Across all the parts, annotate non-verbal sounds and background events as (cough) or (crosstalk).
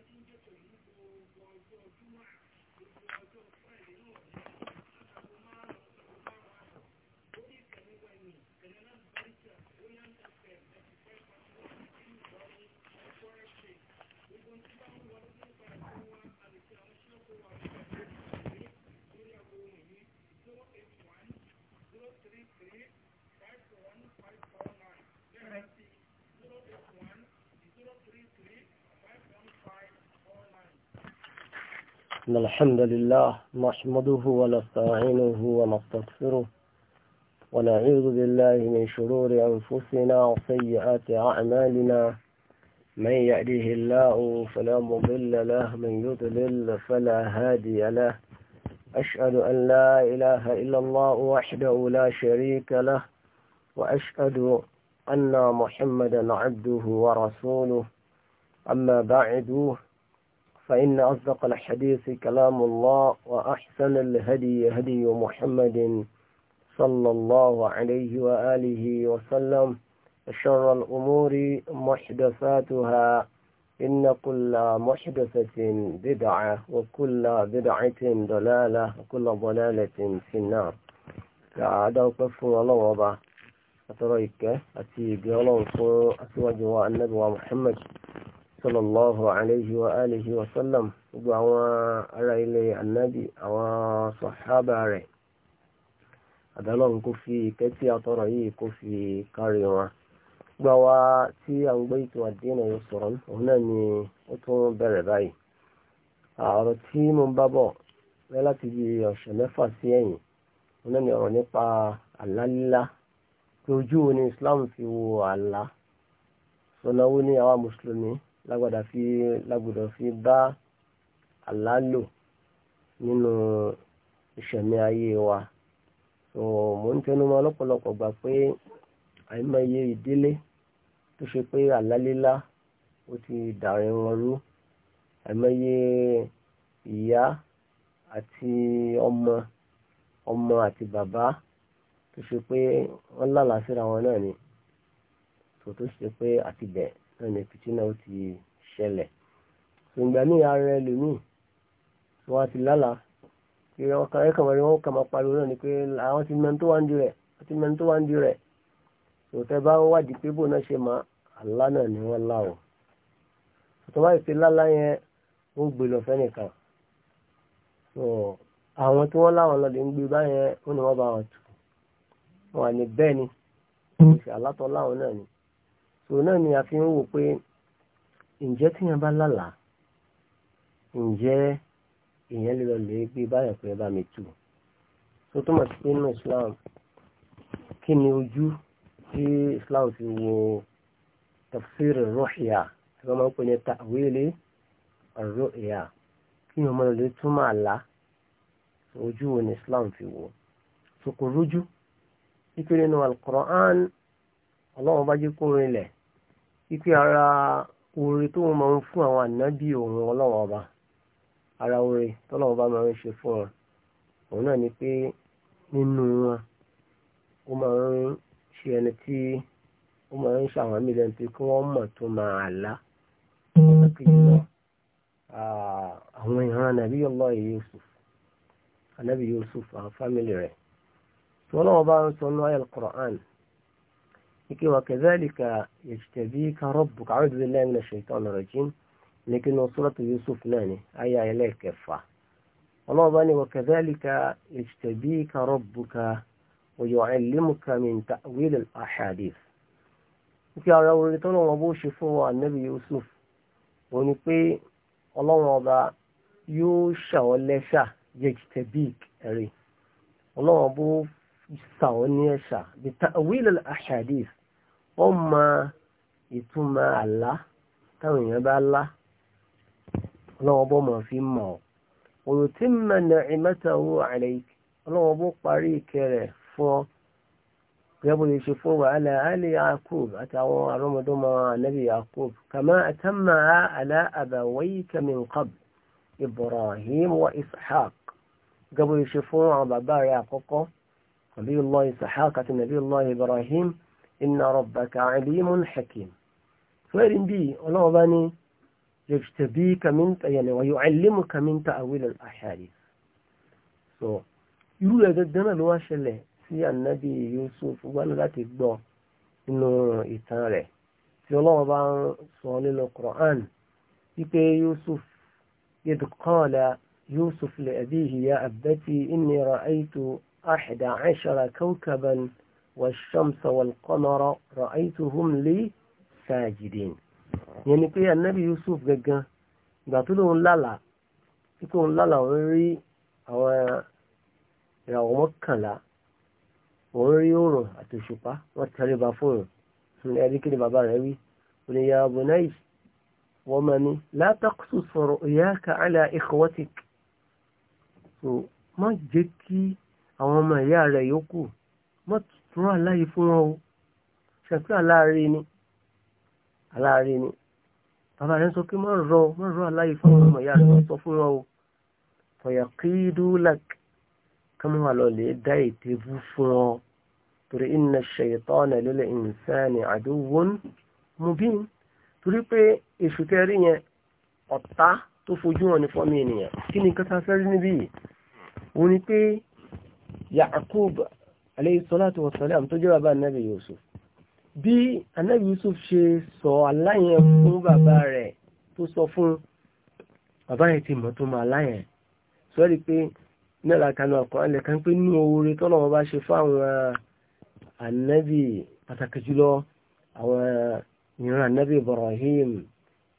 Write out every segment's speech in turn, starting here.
I think that's a reasonable long term too much. إن الحمد لله نحمده ونستعينه ونستغفره ونعوذ بالله من شرور أنفسنا وسيئات أعمالنا من يأله الله فلا مضل له من يضلل فلا هادي له أشهد أن لا إله إلا الله وحده لا شريك له وأشهد أن محمدا عبده ورسوله أما بعده فإن أصدق الحديث كلام الله وأحسن الهدي هدي محمد صلى الله عليه وآله وسلم شر الأمور محدثاتها إن كل محدثة بدعة وكل بدعة ضلالة وكل ضلالة في النار كعادة وقف ولوضة أتريك أتي بيولوك أتوجه النبي محمد sallallahu alayhi wa alihi wa sallam gbogbo àwọn ará ilé anabi àwọn sọ̀hábà rẹ̀ àdálọ́run kó fi kẹ́tí àtọ́rọ̀ yìí kó fi kárí wọn gbà wá tí a ń gbé ètò àdínà yóò sọ̀rọ̀ òun náà ni ó tún bẹ̀rẹ̀ báyìí ọ̀rọ̀ tí mo ń bá bọ̀ láti bí ọ̀sẹ̀ mẹ́fà sí ẹ̀yìn òun náà ni ọ̀rọ̀ nípa àlá pé ojú wo ni Islam fi wo àlá sọ̀nà ni àwa mùsùlùmí lágbàdá fi lágbọ́dọ̀ fi bá àlá lò nínú ìṣẹ̀mí ayé wa so mò ń tẹnumọ́ lọ́pọ̀lọpọ̀ gbà pé àìmọye ìdílé tó ṣe pé àlálélá ó ti dàrin wọn rú àìmọye ìyá àti ọmọ ọmọ àti bàbá tó ṣe pé wọ́n lálàá síra wọn náà ni tòótọ́ ṣe pé àti bẹ́ẹ̀ náà ní fìtínà ó ti ṣẹlẹ̀ ṣùgbọ́n ní ara ẹlòmíì tí wọ́n ti lálàá pé wọ́n kàn ẹ́ kàmọ́rí wọ́n kà máa pariwo náà ni pé àwọn ti mẹ́ni tó wá ń di rẹ̀ wọ́n ti mẹ́ni tó wá ń di rẹ̀ tòótẹ́ bá ń wádìí pé bò náà ṣe mọ́ àlá náà ni wọ́n lá o tòótọ́ bá ìpè lálá yẹn ó gbé lọ fẹ́nìkan àwọn tí wọ́n láwọn lọ́dẹ̀ ń gbé báyẹn ó ní wọ́n bá wọn tù wọ́n ní bẹ́ẹ̀ ni òṣèlú hmm. alátọ́ láwọn náà ni òun náà ni a fi ń wò pé ǹjẹ́ tíyẹn bá lálàá ǹjẹ́ ìyẹn lè lọ lè gbé báyọ̀ pé ẹ bá mi tù tó túmọ̀ sí pé nínú Islam kí ni ojú tí Islam fi wo tafsir ruhya tí wọ́n máa ń pè ní ta'wili ruhya kí ni ọmọ lè túmọ̀ àlá ojú wo ni Islam fi wo sokò rújú ìpínlẹ̀ nínú Al-Qur'an bá jẹ́ kó rinlẹ̀. wípé ara oore tó wọn máa ń fún àwọn ànábì òun ọlọ́run ọba ara oore tọ́lọ́run ọba máa ń ṣe fún wọn òun náà ni pé nínú wọn ó máa ń ṣe ẹni tí ó máa ń ṣàwọn mílíọ̀nù tí kí wọ́n mọ̀ tó máa àwọn ànábì Yusuf ànábì Yusuf àwọn fámìlì rẹ̀ ń sọ ike wa kadhalika yajtabika rabbuka a'udhu billahi minash shaitanir rajim nínú suratu Yusuf náà ni àyà ẹlẹ́ẹ̀kẹfà ọlọ́run bá ní wa kadhalika yajtabika rabbuka wa yu'allimuka min ta'wil al-ahadith ike ara orin tọ́nà wọn nabi Yusuf òun ni pé ọlọ́run ọba yajtabik ẹ̀rí ọlọ́run bó ṣàwọn bi ta'wil al-ahadith wọ́n mọ ìtumọ̀ àlá táwọn èèyàn bá lá ọlọ́wọ́ bó mọ̀ fi mọ̀ ọ́ òrò tí mọ̀ ní ìmẹ́ta owó àlẹ́ ọlọ́wọ́ bó parí ìkẹrẹ̀ fún ọ gẹ́gẹ́ bó lè ṣe fún wàhálà alẹ́ Yakub àtàwọn arọ́mọdọ́mọ ànábì Yakub kàmá àtàmà àlá àbàwayka min Ibrahim wa Ishaq gẹ́gẹ́ bó lè ṣe fún àwọn bàbá rẹ̀ àkọ́kọ́ nàbí Allah Ishaq àti nàbí Allah Ibrahim. إن ربك عليم حكيم فارن بي الله باني يجتبيك من يعني ويعلمك من تأويل الأحاديث سو so. يقول هذا الدم الواش له في النبي يوسف ولدت الضوء إنه إتاله في الله بان صال القرآن يبي يوسف إذ قال يوسف لأبيه يا أبتي إني رأيت أحد عشر كوكبا والشمس والقمر رأيتهم لي ساجدين يعني كي النبي يوسف جدا قاتلهم لالا يكون لالا وري أو يوم مكلا وري يورو أتشوفا وتري بافور من أديك اللي بابا روي يا بني ومن لا تقصص رؤياك على إخوتك so, ما جكي أو ما يا ريوكو ما rán aláyè fún wọn o ṣẹ̀pẹ́ aláàárẹ̀ ni aláàárẹ̀ ni bàbá rẹ̀ ń sọ pé má rọ má rọ aláyè fún wọn ọmọ ìyá rẹ̀ sọ fún wọn o fọyà kídúlàk kọ́mọ́ wà lọ lè dá ètè bú fún ọ torí inna shaytana lil insani aduwwun mubin torí pé èṣù kẹrí yẹn ọ̀tá tó fojú wọn ní fọ́mí ènìyàn kí ni kọ́ta níbí yìí òun ni pé Ya'qub alayhi salatu wa salam tó jẹ́ bàbá anabi yusuf bí anabi yusuf ṣe sọ aláyẹn fún bàbá rẹ̀ tó sọ fún bàbá yẹn ti mọ̀ tó mọ̀ aláyẹn sọ rí pé nílà kanu àkọ́ọ́lẹ̀ kan pé ní oore tọ́lọ́ wọn bá ṣe fún àwọn anabi pàtàkì jùlọ àwọn ìran anabi ibrahim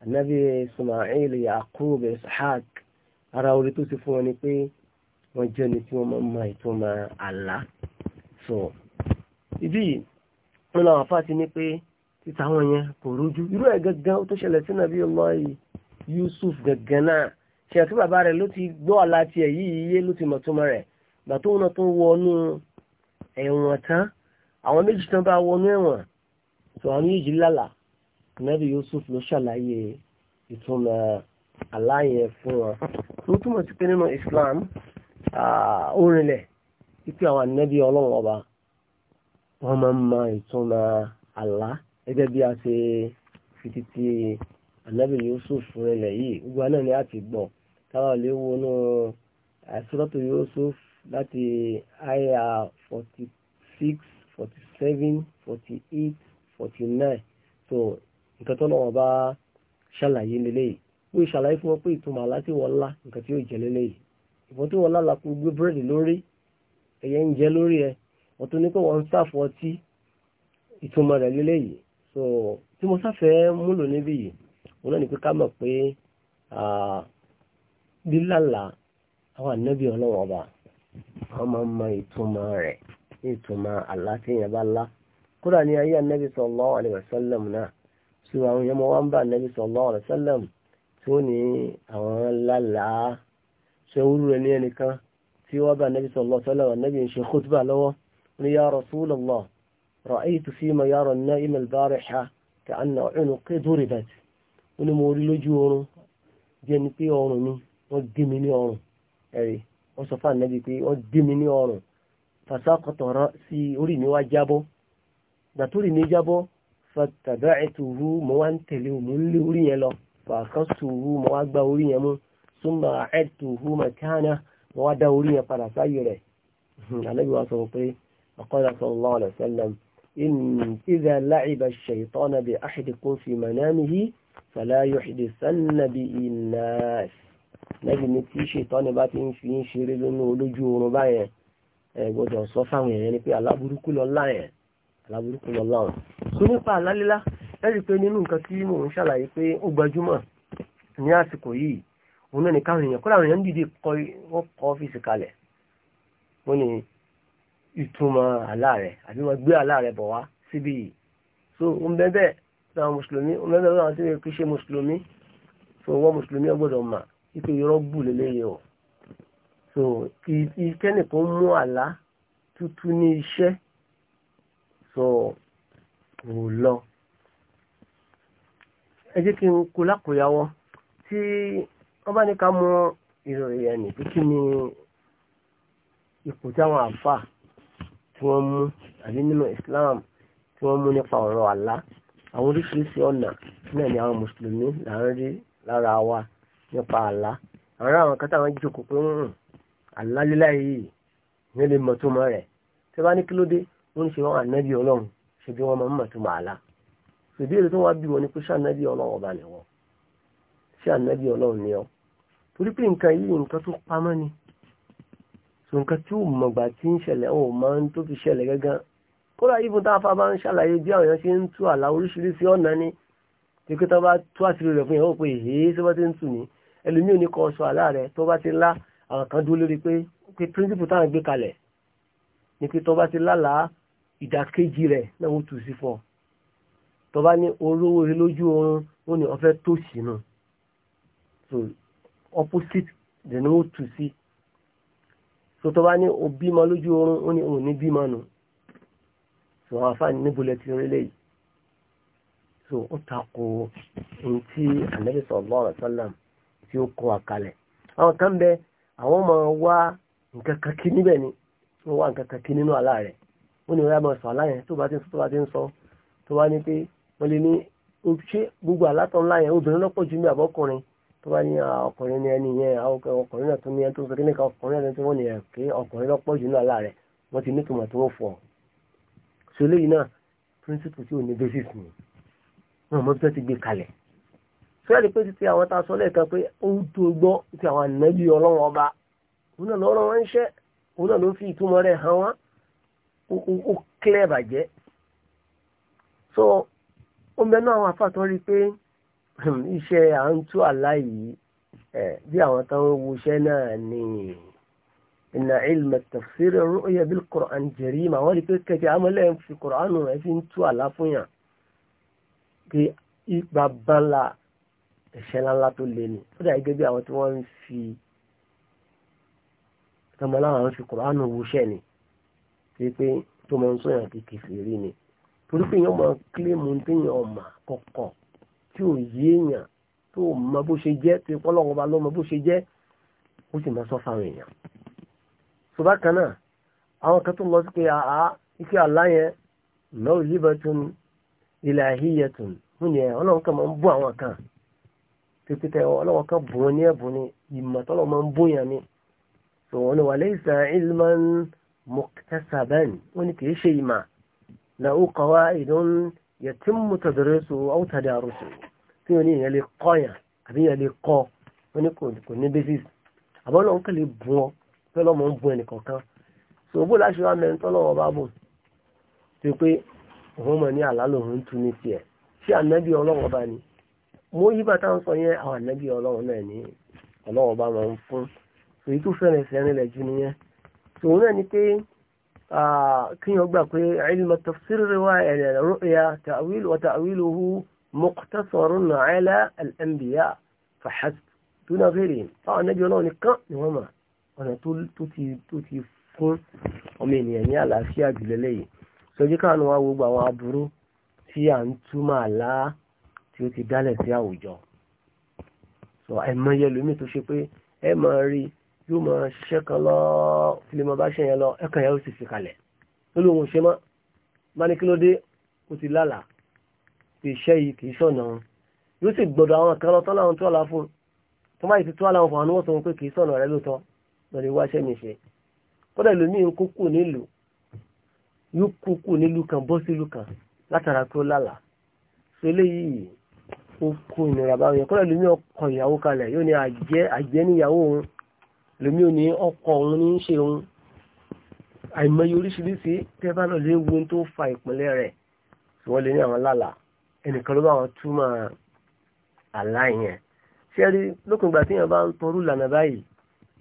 anabi ismail yaqub ishaq ara oore tó ti fún wọn ni pé wọ́n jẹ́ ni tí wọ́n máa ń ìtumọ̀ àlá so ibi wọn làwọn afá ti ní pé títa wọn yẹn kò rújú irú ẹ̀ gangan ó tó ṣẹlẹ̀ sí nàbí ọlọ́ọ̀yì Yusuf gangan náà ṣe àti bàbá rẹ̀ ló ti gbọ́ àlá tiẹ̀ yìí iye ló ti mọ̀ tó mọ̀ rẹ̀ gbà tó wọn tó wọnú ẹ̀wọ̀n tán àwọn méjì tán bá wọnú ẹ̀wọ̀n tó àwọn méjì lálà nàbí Yusuf ló ṣàlàyé ìtumọ̀ àlá yẹn fún wọn tó túmọ̀ sí pé nínú Islam ah, ó rinlẹ̀ wípé àwọn ànábì ọlọ́run ọba wọ́n máa ń ma ìtumọ̀ àlá gẹ́gẹ́ bí a ṣe fi títí ànábì Yusuf rẹlẹ̀ yìí gbogbo náà ni a ti gbọ́ táwọn lè wo inú àìsírọ́tò eh, Yusuf láti àyà forty six forty seven forty eight forty nine so nǹkan tó lọ́wọ́ bá ṣàlàyé lélẹ́yìí pé ìṣàlàyé fún wọn pé ìtumọ̀ àlá tí wọ́n lá nǹkan tí yóò jẹ́ lélẹ́yìí ìbọn tí wọ́n lá la kó gbé búrẹ́dì lórí ẹ̀yẹ ń jẹ lórí ẹ wọ́n tún ní pé wọ́n ń sáfù ọtí ìtumọ̀ rẹ̀ lélẹ́yìí so tí mo sáfẹ́ múlò níbí yìí wọn náà ní pé ká mọ̀ pé lílàlà àwọn ànábì ọlọ́wọ́n ọba wọ́n máa ń mọ ìtumọ̀ rẹ̀ ní ìtumọ̀ àlá tí èèyàn bá lá kódà ní ayé ànábì sallallahu alaihi wasallam náà tí àwọn èèyàn wá ń bá ànábì sallallahu alaihi wasallam tí ó ní àwọn lálàá ṣe wúrú rẹ̀ ní ẹnìkan tí wọ́n bá nẹ́bí sọ̀lọ́ sọ́lọ́ nẹ́bí ń ṣe kútbà lọ́wọ́ ní ya Rasulullah ra'aytu fima yara an-na'im al-bariha ka'anna unuqi duribat ó ní mo rí lójú oorun jẹ́ ni pé ọrùn mi wọ́n dí mi ní ọrùn ẹ̀rí wọ́n sọ fún ànẹ́bí pé wọ́n dí mi ní ọrùn fasaqata ra'si orí mi wá jábọ́ gbàtúrì mi jábọ́ fattaba'tuhu mo wá ń mo ń lé orí yẹn lọ fàkọ́sùrù mo wá gba orí yẹn mú summa a'adtuhu makana wọ́n wá dá orí yẹn padà sáyé rẹ̀ ànábì wa sọ pé ọ̀kọ́dà sallallahu alaihi wasallam idha la'iba ash-shaytanu bi ahadikum fi manamihi fala yuhdisanna bihi an-nas lẹ́bi ní tí ṣètọ́ni bá ti ń fi ń ṣeré lónú olójú oorun báyẹn ẹ gbọ́dọ̀ sọ fáwọn èèyàn ni pé aláburúkú lọ láyẹn aláburúkú lọ láwọn. tó nípa àlálélá ẹ rí i pé nínú nǹkan tí mò ń ṣàlàyé pé ó gbajúmọ̀ ní àsìkò yìí òun náà ni káwọn èèyàn kọ́lá àwọn èèyàn dìde kọ́ ọ́fíìsì kalẹ̀ wọ́n ní ìtumọ̀ àlá rẹ̀ àbí wọ́n gbé àlá bọ̀ wá síbí yìí so ń bẹ́ bẹ́ẹ̀ láwọn mùsùlùmí ń bẹ́ bẹ́ẹ̀ láwọn tí kì í ṣe mùsùlùmí so wọ́n mùsùlùmí ọgbọ́dọ̀ mà wípé irọ́ bù lélẹ́yẹ o so kẹ́nìkan mú àlá tútú ní iṣẹ́ so kò lọ ẹ jẹ́ kí n kó lákòóyawọ́ tí wọ́n bá ní ká mọ ìròyìn ẹ̀nì tó kí ni ipò táwọn àfà tí wọ́n mú àbí nínú Islam tí wọ́n mú nípa ọ̀rọ̀ àlá àwọn oríṣiríṣi ọ̀nà náà ni àwọn mùsùlùmí là ń rí lára wa nípa àlá àwọn àwọn kan táwọn jókòó pé ń hmm, àlá lílá yìí ní lè mọ̀ tó mọ̀ rẹ̀ tí wọ́n bá ní kí ló dé wọ́n ń ṣe wọn ànábì ọlọ́run ṣe bí wọ́n máa mọ̀ tó mọ̀ àlá ṣèbí èrè tó wá bí wọn ni pé ṣànábì ọlọ́run ọba nìwọ̀n ṣé ànábì ọlọ́run ni ọ torí pé nǹkan yìí nǹkan tó pamọ́ ni so nǹkan tí ò mọ̀gbà tí ń ṣẹlẹ̀ ò máa ń tó fi ṣẹlẹ̀ gángan kódà ibùn tá a bá ń ṣàlàyé bí àwọn èèyàn ṣe ń tú àlà oríṣiríṣi ọ̀nà ni tí pé tó bá tú àṣírí rẹ̀ fún yẹn ó pe èyí tó bá ti ń tù ní ẹlòmíì ní kọ́ sọ àlá rẹ̀ tó bá ti lá àwọn kan dúró lórí pé pé píríncípù táwọn gbé kalẹ̀ ni pé tó bá ti lálàá ìdàkejì rẹ̀ náà ó tù sí fọ́ tó bá ní orówó lójú oorun ó ní ọ tó sínú so opposite the ni to see. so tó bá ní o bímọ lójú oorun ó ní òun ní bímọ nù so àwọn afáàní níbo lẹ ti rí léyìí so ó takò ohun tí Ànábì sallallahu alaihi wasallam tí ó kọ àkàlẹ̀ àwọn kan bẹ àwọn ọmọ wa nǹkan kan kí níbẹ̀ ni wọ́n wá nǹkan kan kí nínú àlá rẹ̀ ó ní ọ̀rẹ́ àmọ́ sọ àlá yẹn tó bá ti ń sọ tó bá ti ń sọ tó bá ní pé wọ́n lè ní ṣé gbogbo àlá ńlá yẹn obìnrin lọ́pọ̀ jù ní àbọ́kùnrin tó bá ní ọkùnrin ní ẹni yẹn ọkùnrin náà tó ní ẹni tó sọ kíníkà ọkùnrin náà tí wọ́n ní ẹ̀ pé ọkùnrin lọ́pọ̀ jù náà láàrẹ̀ wọ́n ti ní tòmọ̀ tó wọ́n fọ̀ so eléyìí náà principle tí ò ní basis ni wọn mọ bí ti gbé kalẹ̀ so láti pé títí àwọn tá a sọ lẹ́ẹ̀kan pé ó tó gbọ́ ti àwọn ànábì ọlọ́run ọba òun náà lọ́rọ̀ (clears throat) iṣẹ́ à ń tú àlá yìí bí àwọn táwọn wuṣẹ́ náà ni ìnà ilmẹ̀ tafsir ru'ya bil Qur'an jarima wọ́n rí pé kẹ̀kẹ́ amọ́lẹ̀ ń fi Qur'an rẹ̀ fi ń tú àlá fún yàn pé ipa bánlá ẹ̀ṣẹ̀ ńláńlá tó lé ni ó dà gẹ́gẹ́ bí àwọn tí wọ́n fi tọmọlá fi Qur'an wuṣẹ́ ni pé pé tó mọ̀ ń sọ̀yàn kékeré ni torí pé èèyàn máa kílèmù téèyàn ọ̀mà kọ̀ọ̀kan tí ò yé èèyàn tó mọ bó ṣe jẹ́ tó pọ́lọ́wọ́ bá lọ́mọ bó ṣe jẹ́ ó sì mọ sọ fáwọn èèyàn. sọ bákan náà àwọn kan tó lọ sí pé àá ike àlá yẹn lọ́wọ́ yíbọn tó ní ilẹ̀ àhíyẹ tó fún yẹn ọlọ́run kan máa ń bú àwọn kan pípítẹ ọlọ́run kan bù wọn ní ẹ̀bùn ni ìmọ̀ tọ́lọ́ máa ń bú yẹn ni. sọ wọn ni wàlẹ́ ìsà ilman muktasaban wọn ni kì ṣe ìmọ̀ làwọn kọ̀wá ìdún yẹtí mú tàdúrẹ́sù ọ́ tàdárùsù tí wọ́n ní ìyẹn lè kọ́yàn àbí ìyẹn lè kọ́ wọ́n ní kò ní basis àbọ̀ náà ń kẹ́lẹ̀ bùn ọ pé lọ́mọ ń bùn ẹnìkọ̀ọ̀kan so bó láṣọ wa mẹ́rin tọ́lọ́wọ́ bá bùn tó pé òun mọ̀ ní àlá lòun ń tu ní tiẹ̀ ṣé ànábì ọlọ́wọ́ bá ní mo yí bàtà ń sọ yẹn àwọn ànábì ọlọ́wọ́ náà ní ọlọ́wọ́ bá máa ń fún èyí tó fẹ́rẹ̀ fẹ́rẹ̀ lẹ̀ jù nìyẹn tòun náà ni pé kíyàn gbà pé ilmu tafsir riwaya ru'ya ta'wil wa ta'wiluhu مقتصر على الأنبياء فحسب دون غيرهم طبعا النبي الله نكا نوما أنا طول توتي توتي فون أمين يعني على أشياء جلالي سوجي كان واو واو أبرو في أنتما لا tí ó ti dálẹ̀ sí àwùjọ sọ àìmọye lómi tó ṣe pé ẹ máa rí yóò máa ṣiṣẹ́ kan lọ fílímọ̀ bá ṣẹ̀yẹn lọ ẹ̀kan yẹn ó sì fi kalẹ̀ lórí òun ṣe mọ́ bá ní kí ló dé ó ti lálà kì yìí kì í wọn yóò sì gbọ́dọ̀ àwọn kan lọ́tọ́ láwọn tó àlá tó má ti tó àlá àwọn tó ń pè kì í rẹ lóòótọ́ lọ́dẹ̀ wá ṣẹ́ mi ṣe kódà ìlú míì ń kúkú nílùú yóò kúkú nílùú kan bọ́ sílùú kan látara pé lálàá so eléyìí ó kó ìnira bá yẹn kódà ìlú míì ọkọ ìyàwó kalẹ̀ yóò ní àjẹ́ àjẹ́ níyàwó òun ìlú míì ò ní ọkọ òun ẹnìkan ló bá wọn túmọ̀ àlá yẹn rí lókun ìgbà tí èèyàn bá ń torú lànà báyìí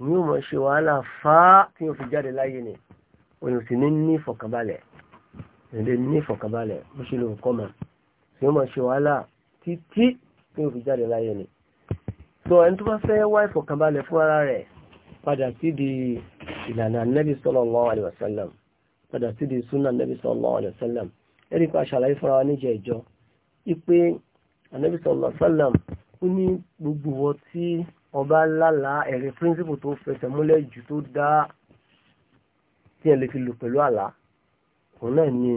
ìyẹn ò ṣe wàhálà fá tí yóò fi jáde láyé ni òyìn sì ní ní ìfọ̀kànbalẹ̀ ìrìnlẹ̀ ní ìfọ̀kànbalẹ̀ bó ṣe lè kọ́ mọ̀ tí yóò mọ̀ ṣe wàhálà títí tí yóò fi jáde láyé ni tó ẹni tó bá fẹ́ wá ìfọ̀kànbalẹ̀ fún ara rẹ̀ padà sí di ìlànà nẹ́bí sallallahu alaihi wasallam padà sí di súnà nẹ́bí sallallahu alaihi wasallam ẹni pa àṣàlàyé fúnra wa níjẹ ìjọ ipe anabi sallallahu alaihi wasallam ó ní gbogbo wọn tí ọba lálá ẹ̀rí píríncípù tó fẹsẹ̀ múlẹ̀ jù tó dá tí ẹ lè fi lò pẹ̀lú àlá òun náà ni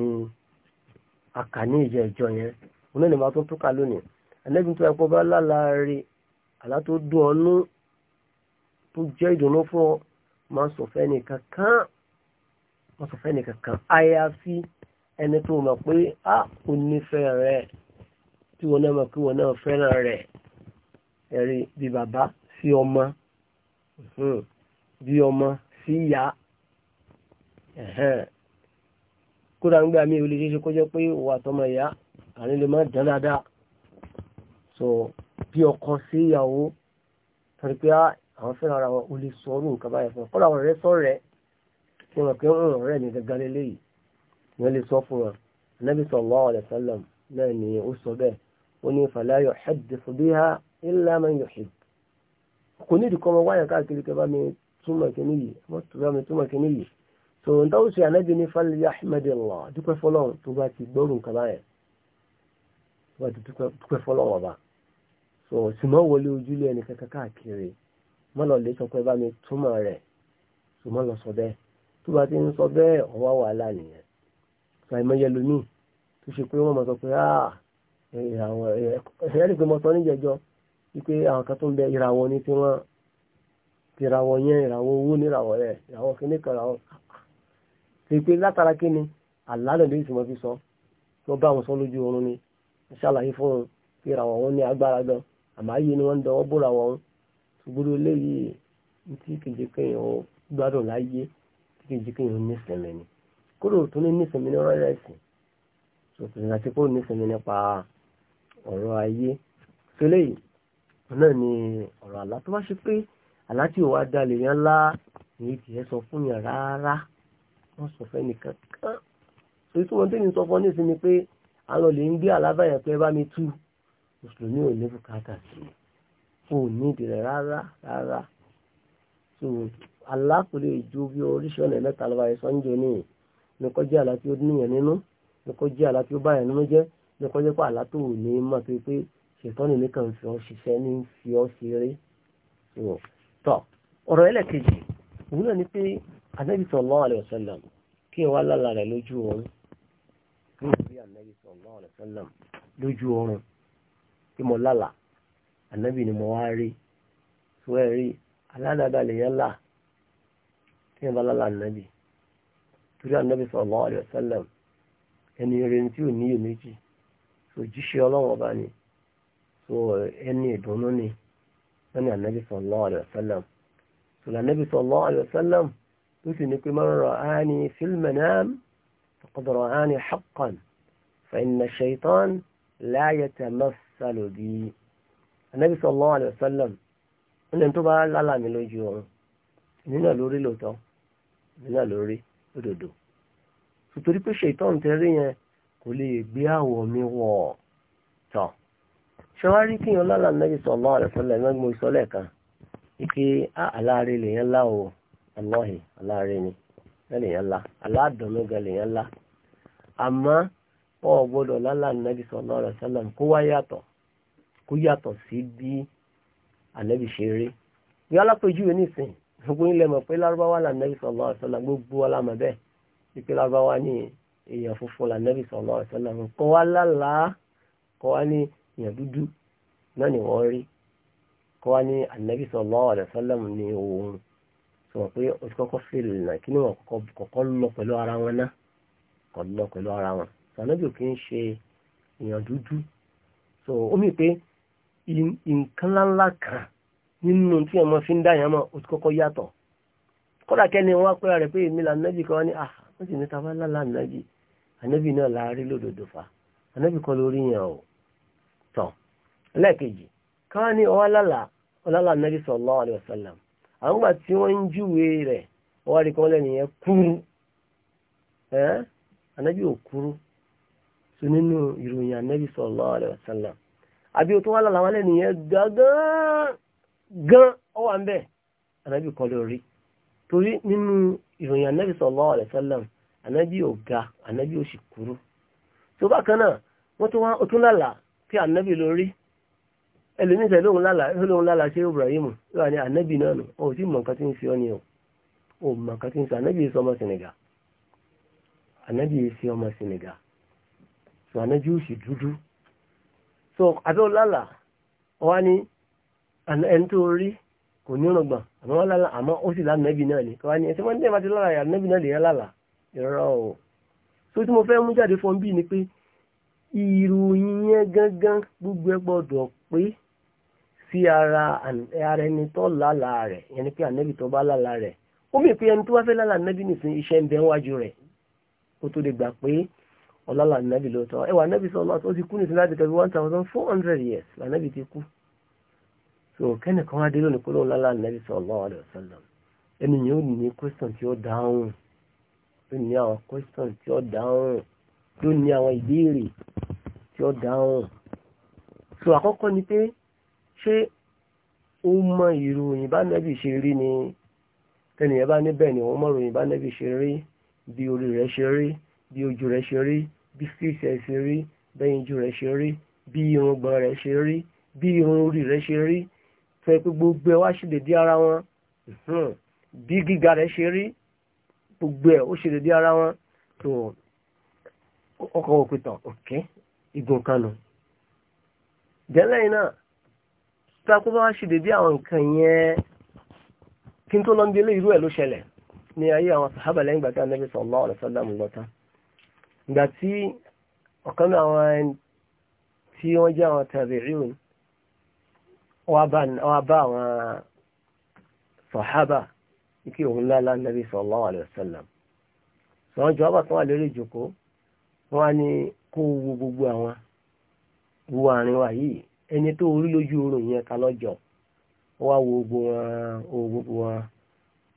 àkà ní ìjẹ ìjọ yẹn òun náà ni màá tó túkà lónìí anabi tó ẹ̀kọ́ ọba lálá rí àlá tó dùn ọ́nú tó jẹ́ ìdùnnú fún ọ máa sọ fẹ́ nìkan kan máa sọ fẹ́ nìkan kan àyàfi ẹni tó mọ̀ pé a ah, ò nífẹ̀ẹ́ rẹ̀ tí wọn náà mọ̀ pé wọn náà fẹ́ràn rẹ̀ ẹ̀rí bí bàbá sí ọmọ hmm. bí ọmọ sí ìyá kódà ń gbà mí ò lè ṣe ṣe kó jẹ́ pé òwà tọmọ ìyá àní lè má dán dáadáa so bí ọkọ sí ìyàwó torí pé ah, àwọn fẹ́ràn ara wọn ò lè sọ ọdún nǹkan báyìí fún ọ kódà àwọn ọ̀rẹ́ sọ rẹ̀ kí wọn kí wọn ọ̀rẹ́ mi gangan lélẹ́yìí wọn lè sọ fún wọn anábì sallallahu alaihi wasallam náà ni ó sọ bẹ́ẹ̀ ó ní fala yuhaddithu biha illa man yuhib kò ní ìdíkọ́ ọmọ wáyà káàkiri kẹ bá mi túmọ̀ kíní yìí wọ́n tún bá mi túmọ̀ kíní yìí tó ń dáwọ́ sí anábì ní fal yahmadillah dúpẹ́ fọlọ́run tó bá ti gbọ́rùn kan báyẹn tó bá ti dúpẹ́ fọlọ́run ọba tó sì mọ́ wọlé ojúlé ẹnì kankan káàkiri mọ́ lọ lè sọ pé bá mi túmọ̀ rẹ̀ tó mọ́ lọ sọ bẹ́ẹ̀ tó bá ti ń sọ bẹ́ẹ̀ ọwọ́ Eh, àwọn eh, ẹ̀rí pé mo sọ níjẹjọ wípé àwọn kan tó ń bẹ ìràwọ̀ ni tí wọ́n ti ràwọ̀ yẹn ìràwọ̀ owó ní ìràwọ̀ rẹ̀ ìràwọ̀ kíní kan ti pé látara kíni àlálẹ̀ lórí ìsìnmọ́ fi sọ lọ bá wọn sọ lójú oorun ni ṣàlàyé fún un pé ìràwọ̀ wọn ní agbára gan àmọ́ ni wọ́n ń dọwọ́ bó ràwọ̀ wọn ṣùgbọ́n eléyìí ní tí kìjì kéèyàn ó gbádùn láyé tí kìjì kéèyàn ní ìsinmi ni kúrò tún ní ìsinmi ní ọ̀rọ̀ ẹ̀sìn ṣòkòtò àti kúrò ní ìsinmi nípa ọ̀rọ̀ ayé fẹlẹ́ yìí náà ni ọ̀rọ̀ àlá tó bá ṣe pé àlá tí ò wá da lè yàn lá èyí tìyẹ sọ fún yàn rárá wọ́n sọ fẹ́ nìkan kan èyí tí wọ́n tẹ́lẹ̀ ń sọ fún ọ nísìn ni pé àwọn lè ń gbé àlábàyàn pé bá mi tú mùsùlùmí ò ní bùkátà sí i ò ní ìdìrẹ̀ rárá rárá so àlá kò lè ju bí oríṣi ọ̀nà mẹ́ta lọ́ba ẹ̀ sọ́njọ́ níyìn ní kọjá àlá tí ó níyàn nínú ní kọjá àlá tí ó báyàn nínú jẹ́ ní kọjá pé àlá tó ní mọ̀ tó pé ṣètọ́nì nìkan fi ọ́ ṣiṣẹ́ ní fi ọ́ ṣeré tọ́ ọ̀rọ̀ ẹlẹ́kejì òun náà ni pé anábì sallallahu alaihi wasallam kí n wá lálà rẹ̀ lójú oorun kí n rí anábì sallallahu alaihi wasallam lójú oorun kí mo lálà anábì ni mo wá rí tó ẹ rí aládàáda lèèyàn là kí n bá lálà anábì torí anábì sallallahu alaihi wasallam ẹni rẹ̀ tí ò níyè méjì òjíṣẹ́ ọlọ́run ọba ni so ẹni ìdùnnú ni lọ́nà ànábì sallallahu alaihi wasallam sọ̀rọ̀ ànábì sallallahu alaihi wasallam tó sì ní pé man ra'ani fil manam faqad ra'ani haqqan fa inna shaytan la yatamassalu bi ànábì sallallahu alaihi wasallam ẹni tó bá lálàmì lójú ọ̀run nínú lórí lóòótọ́ nínú lórí lódodo nítorí pé ṣètọ́n tẹ́rí yẹn kò lè gbé àwọ̀ mi wọ̀ tọ̀ ṣọwárí kí yan lálàá nàbí sallallahu alaihi wasallam ẹ̀mọ́ mo sọ lẹ́ẹ̀kan ike aláàárẹ̀ lèyàn lá o ọlọ́hìn aláàárẹ̀ ni lèyàn lá aláàdọ̀mẹ́gà lèyàn lá àmọ́ wọn gbọ́dọ̀ lálàá nàbí sallallahu alaihi wasallam kó wá yàtọ̀ kó yàtọ̀ sí bí ànábì ṣe rí bí alápèjúwe nìsín gbogbo ilẹ̀ pé lárúbáwá èèyàn funfun la nẹ́bí sallallahu alaihi wasallam kọ́ wá lálàá kọ́ wá ní èèyàn dúdú náà ni wọ́n rí kọ́ wá ní ànẹ́bí sallallahu alaihi wasallam ní òun sọ pé o kọ́kọ́ fèrè náà kí ni wọ́n kọ́kọ́ lọ pẹ̀lú ara wọn náà kọ́ lọ pẹ̀lú ara wọn sànẹ́bí kì í ṣe èèyàn dúdú so ó mì pé nǹkan ńláńlá kan nínú tí ọmọ fi ń dá yàn mọ́ o ti kọ́kọ́ yàtọ̀ kódà kẹ́ni wọ́n pẹ́ rẹ̀ pé èmi là nẹ́bí kan wá ní ah wọ́n sì ní ta bá lálàá nẹ́bí ànábì náà la rí lódodo fa ànábì kọ́ lórí yẹn o tán ẹlẹ́ẹ̀kejì káwá ní ọlálà ọlálà ànábì sallallahu alaihi wasallam àwọn gbà tí wọ́n ń júwe rẹ̀ wọ́n rí kọ́ lẹ́nu yẹn kúrú ẹ́ ànábì ò kúrú tó nínú ìròyìn ànábì sallallahu alaihi wasallam àbí o tó wá lálà wọn lẹ́nu yẹn gángan gan ọwà ń bẹ̀ ànábì kọ́ lórí torí nínú ìròyìn ànábì sallallahu alaihi wasallam ànábì ò ga ànábì ò sì kúrú tó bákan náà wọ́n tún wá ọtún lálà kí ànábì ló rí ẹlòmíín sẹ lóhun lálà lóhun lálà ṣé Ibrahim lóhun ní ànábì náà nù ọ sí mọ̀ọ́ká tí ń fi ọ́ ni o ò mọ̀ọ́ká tí ń sọ ànábì sọ ọmọ Senegal ànábì sí ọmọ Senegal sọ ànábì ò sì dúdú sọ abẹ́ ọlálà ọwá ní ẹni tó rí kò ní ọ̀nà gbọ̀n àmọ́ ó sì lálà ànábì náà ni kọ́wá ní ẹ̀sìn wọ́n ní ẹ̀ ìrọ̀ o so tí mo fẹ́ mú jáde fún bí ni pé ìròyìn yẹn gangan gbogbo ẹ gbọ́dọ̀ pé sí ara ara ẹni tó lálàá rẹ̀ yẹn ni pé ànẹ́bì tó bá lálàá rẹ̀ ó mì pé ẹni tó wá fẹ́ lálàá ànẹ́bì nìsín iṣẹ́ ń bẹ wájú rẹ̀ kó tó lè gbà pé ọlọ́lá ànẹ́bì lóòótọ́ ẹwà ànẹ́bì sọlá tó ti kú nìsín láti one thousand four hundred years ti kú so kẹ́nìkan lónìí ẹni yẹn yóò ní àwọn question tí ó dáhùn yóò ní àwọn ìbéèrè tí ó dáhùn. so àkọ́kọ́ ni pé ṣé ó mọ ìròyìn bá nẹ́bì ṣe rí ni tẹnìyàn bá níbẹ̀ ni òun mọ ìròyìn bá ṣe rí bí orí rẹ̀ ṣe rí bí ojú rẹ̀ ṣe rí bí face ṣe rí bẹ́yìnjú rẹ̀ ṣe rí bí irùngbọ̀n rẹ̀ ṣe rí bí irun orí rẹ̀ ṣe rí fẹ́ pé gbogbo ẹ wá ṣe dédé ara wọn hmm. bí gíga rẹ̀ ṣe rí gbogbo ẹ̀ ó ṣe dédé ara wọn tó ọkọ̀ òpìtàn òkè igun kanu jẹ́lẹ̀ náà tako bá ṣe dédé àwọn nǹkan yẹn kí n tó lọ ń délé irú ẹ̀ ló ṣẹlẹ̀ ní ayé àwọn sàhábà lẹ́yìn ìgbà tí Ànábì sallallahu alaihi wasallam lọ́tàn ìgbà tí ọ̀kan náà àwọn tí wọ́n jẹ́ àwọn tabi'un wọ́n bá àwọn sàhábà ike òun lálá nàbí sallallahu alaihi wasallam sọ̀rọ̀ jọ bá kan wà lórí ìjòkó wọn á ní kó wo gbogbo àwọn wo àárín wa yìí ẹni tó orí lójú oorun yẹn ta lọ́jọ́ ó wá wo gbogbo wọn ó wo gbogbo wọn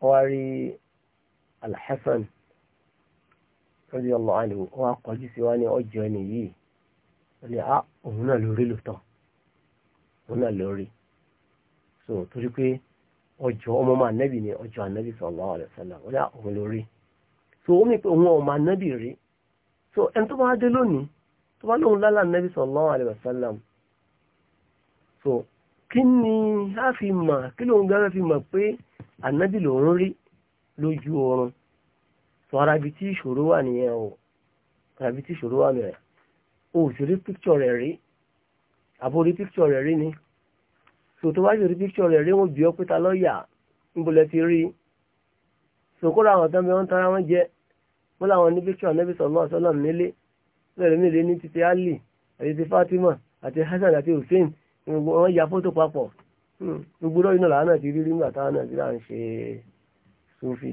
ó wá rí alhassan radiyallahu anhu ó wá kọjú sí wa ní ọjọ́ ẹni yìí wọ́n ní ah òun náà lórí lòótọ́ òun náà lórí so torí pé ọjọ́ ọmọ ọmọ ànábì ni ọjọ́ ànábì sallallahu alaihi wasallam wọ́n dá ah, òun lórí so ó mi pé òun ọmọ ànábì rí so ẹni tó bá dé lónìí tó bá lóun lálẹ́ ànábì sallallahu alaihi wasallam so kí ni a fi mọ̀ kí lóun gbẹ́rẹ́ fi mọ̀ pé ànábì lòun rí lójú oorun so ara ibi tí ìṣòro wà nìyẹn o ara ibi tí ìṣòro wà nìyẹn o ò sì rí píkṣọ rẹ̀ rí àbórí píkṣọ rẹ̀ rí ni so tó bá sì rí píkṣọ rẹ̀ rí wọn bí ọ pété lọ́ọ̀yà ńbọ̀lẹ̀ ti rí so kó làwọn tán bí wọ́n tara wọn jẹ wọ́n làwọn ní píkṣọ nẹ́bí sọ̀lọ́ ọ̀sọ́lọ́ nílé lẹ́rìí nílé ní títí Ali àti ti Fatima àti Hasan àti Hussein wọ́n ya fótó papọ̀ hmm. gbogbo lọ́yìn náà làwọn náà ti rí nígbà táwọn náà ti rà ń ṣe Sufi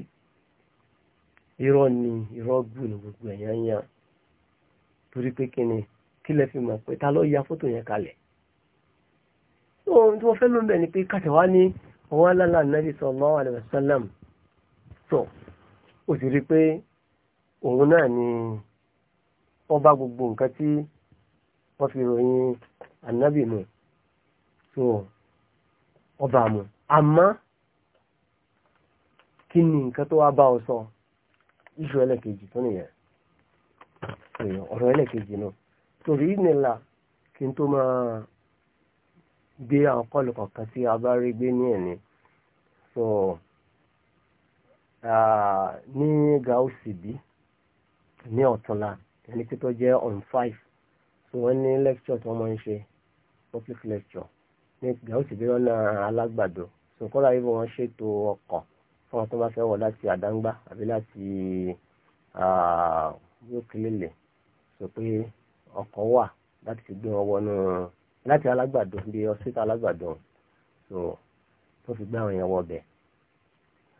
irọ́ ni irọ́ gbù ní gbogbo ẹ̀yán yá torí pé kí ni kí lẹ fi mọ̀ pé ta ló ya fótó yẹn kalẹ̀ ohun tí wọ́n fẹ́ ló ń bẹ̀ ni pé kàtẹ̀wá ní ọwọ́ alálà nàbì sallallahu alaihi wasallam tó ó sì rí pé òun náà ni wọ́n bá gbogbo nǹkan tí wọ́n fi ròyìn ànábì mu tó ọba mu àmọ́ kí ni nǹkan tó wá bá ọ sọ iṣu ẹlẹ́kejì tó nìyẹn ọ̀rọ̀ ẹlẹ́kejì náà torí ìnìlà kí n tó máa gbé àwọn kọ́ọ̀lù kọ̀ọ̀kan tí a bá rí gbé ní ẹ̀ní so ní gausi bí ní ọ̀túnla ẹni títọ́ jẹ́ on five so wọ́n ní lecture tí wọ́n máa ń ṣe public lecture ní gausi bí lọ́nà alágbàdo so kọ́lá yìí wọ́n ṣètò ọkọ̀ fún wọn tó bá fẹ́ wọ̀ láti àdáńgbá àbí láti yókèlélẹ̀ so pé ọkọ̀ wà láti fi gbé wọn wọnú láti alágbàdo bí ọsítà alágbàdo so tó fi gbé àwọn èèyàn wọ ọbẹ̀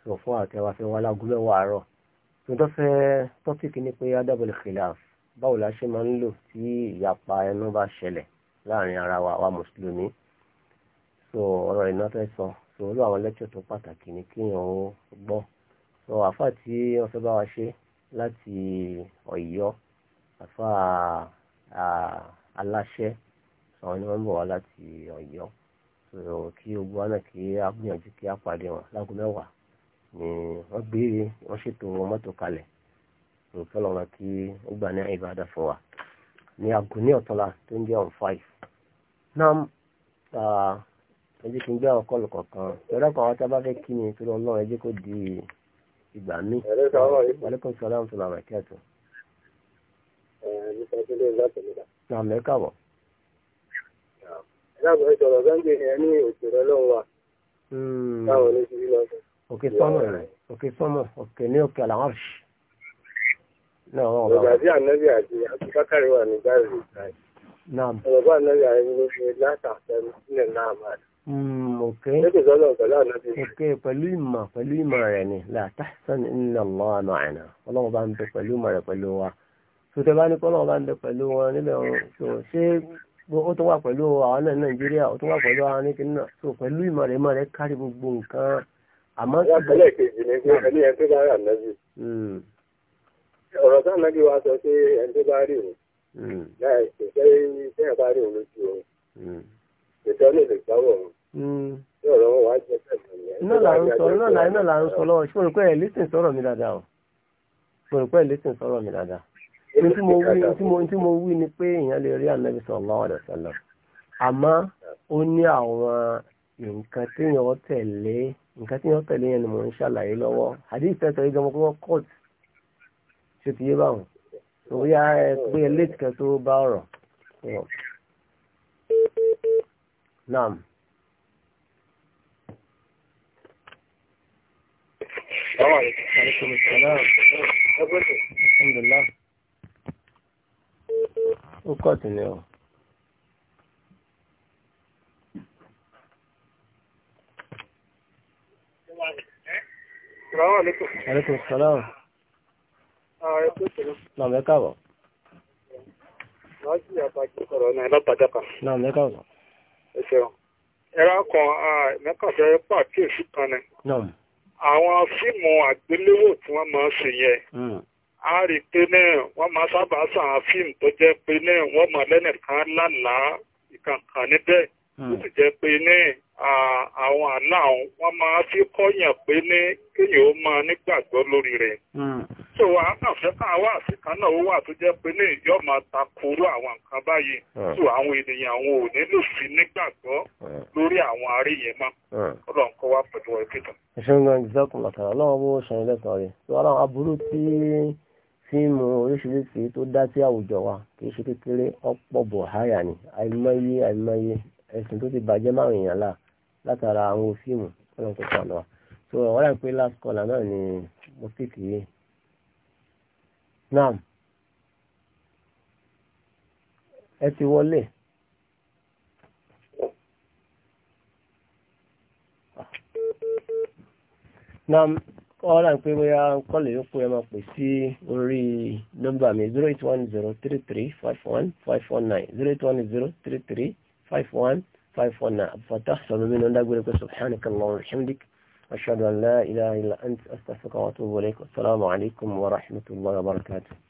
so fún àtẹwà fẹ́ wọn alágúnlẹ̀ wọ àárọ̀ tó tó fẹ́ tọ́pìkì ni pé adabul khilaf báwo la ṣe máa ń lò tí ìyapa ẹnu bá ṣẹlẹ̀ láàrin ara wa wa mùsùlùmí so ọ̀rọ̀ iná fẹ́ sọ so olú àwọn lẹ́tọ̀ tó pàtàkì ni kéèyàn ó gbọ́ so àfáà tí wọ́n fẹ́ bá wa ṣe láti Ọ̀yọ́ àfáà aláṣẹ. àwọn ni wọ́n ń bọ̀ láti ọ̀yọ́ so kí ogun wa kí kí á pàdé wọn mẹ́wàá ni wọ́n gbé wọ́n ṣètò mọ́tò kalẹ̀ nǹkan kí ó gbà ní ìbádà fún wa ní aago ní ọ̀tọ́lá tó ń jẹ́ on five náà kan a bá fẹ́ kí ni ẹ jẹ́ dábàá ìsọ̀rọ̀ gbẹ́ngbè yẹn ní òkèrè ọlọ́run wa. báwo ló ti rí lọ sí. òkè sọmọ rẹ òkè sọmọ òkè ní òkè àlàwọn ṣì. ọ̀gá sí ànábì àti abubakar wà ní gáàsì ìtàyè. ọ̀gá ànábì àti ló fi láta àtẹnu sílẹ̀ náà máa dì. òkè òkè pẹ̀lú ìmọ̀ pẹ̀lú ìmọ̀ rẹ̀ ni la tahzan inna Allaha ma'ana ọlọ́run bá ń bẹ pẹ̀lú ìmọ̀ rẹ̀ pẹ̀lú wa. sọtẹ́ bá ní kọ́ ọlọ́run bá ń bẹ pẹ̀lú wọn nílẹ̀ ọ̀run ṣé ó tún wà pẹ̀lú àwọn náà nàìjíríà ó tún wà pẹ̀lú àwọn nìkan náà so pẹ̀lú ìmọ̀ rẹ̀ ìmọ̀ rẹ̀ kárí gbogbo nǹkan àmọ́. ìyàtọ̀lẹ̀ kejì ni pé ẹni ẹni tó bá rà nábì. Hmm. ọ̀rọ̀ táwọn nábì wa sọ pé ẹni tó bá rí òun hmm. láì kò sẹ́yìn sẹ́yìn bá rí òun lójú òun hmm. ìtọ́ lè lè gbáwọ̀ òun. ọ̀rọ̀ wọn wá jẹ́ náà là ń sọ náà là ń sọ lọ́wọ́ ṣùgbọ́n olùkọ́ sọ̀rọ̀ mi dáadáa o olùkọ́ ẹ̀ sọ̀rọ̀ mi dáadáa ní tí mo wí tí mo ni pé èèyàn lè rí ànábì sallallahu alaihi wasallam àmọ́ ó ní àwọn nǹkan téèyàn tẹ̀lé nǹkan téèyàn tẹ̀lé yẹn ni mò ń ṣàlàyé lọ́wọ́ àdéhùn ìfẹsọ yìí gan-an pé wọn court ṣe ti yé báwọn òun yá ẹ pé ẹ kan tó bá ọ̀rọ̀. Naam. Salaam alaikum. Alaikum salaam. Alhamdulillah ó kọ́ọ̀tù ni ọ. Salaamu alaikum. Alaikum salaam. Náà mẹ́ka bọ̀. Láti àbájú sọ̀rọ̀ náà lọ́bàjá kan. Náà mẹ́ka bọ̀. Ẹ ṣeun. Ẹ̀rọ kan mẹ́ka fẹ́ pàkíyèsí kan ni. Àwọn fíìmù àgbéléwò tí wọ́n máa ń ṣe yẹn. Hmm. a rí pé náà wọ́n máa sábà sàn án fíìmù tó jẹ́ pé náà wọ́n máa kan lálàá ìkànkàn níbẹ̀ hmm. ó sì jẹ́ pé náà àwọn àlá wọn máa fi kọ́yàn pé ní kéèyàn ó máa nígbàgbọ́ lórí rẹ̀. Hmm. so àkànfẹ́ kan wà síkà náà ó wà tó jẹ́ pé ní yóò máa àwọn nǹkan báyìí hmm. àwọn ènìyàn àwọn ò nílò sí nígbàgbọ́ lórí àwọn fíìmù oríṣiríṣi tó dá sí àwùjọ wa kì í ṣe kékeré ọ̀pọ̀ bọ̀háyà ni àìmọye àìmọye ẹ̀sìn tó ti bàjẹ́ márùn èèyàn là látara àwọn fíìmù ọlọ́run tó sànù wa so wọ́n rà pé last caller náà ni mo sì kì í nam ẹ ti wọlé nam wọ́n rà ń pé bóyá kọ́lù yóò kó ẹ máa pè sí orí nọ́mbà mi zero eight one zero three three five one five four nine zero eight one zero three three five one five four nine Abdulfatah Salome ní ọ̀dàgbére pé subhanaka Allahumma wa hamdik ashhadu an la ilaha illa anta astaghfiruka wa atubu ilayk assalamu alaykum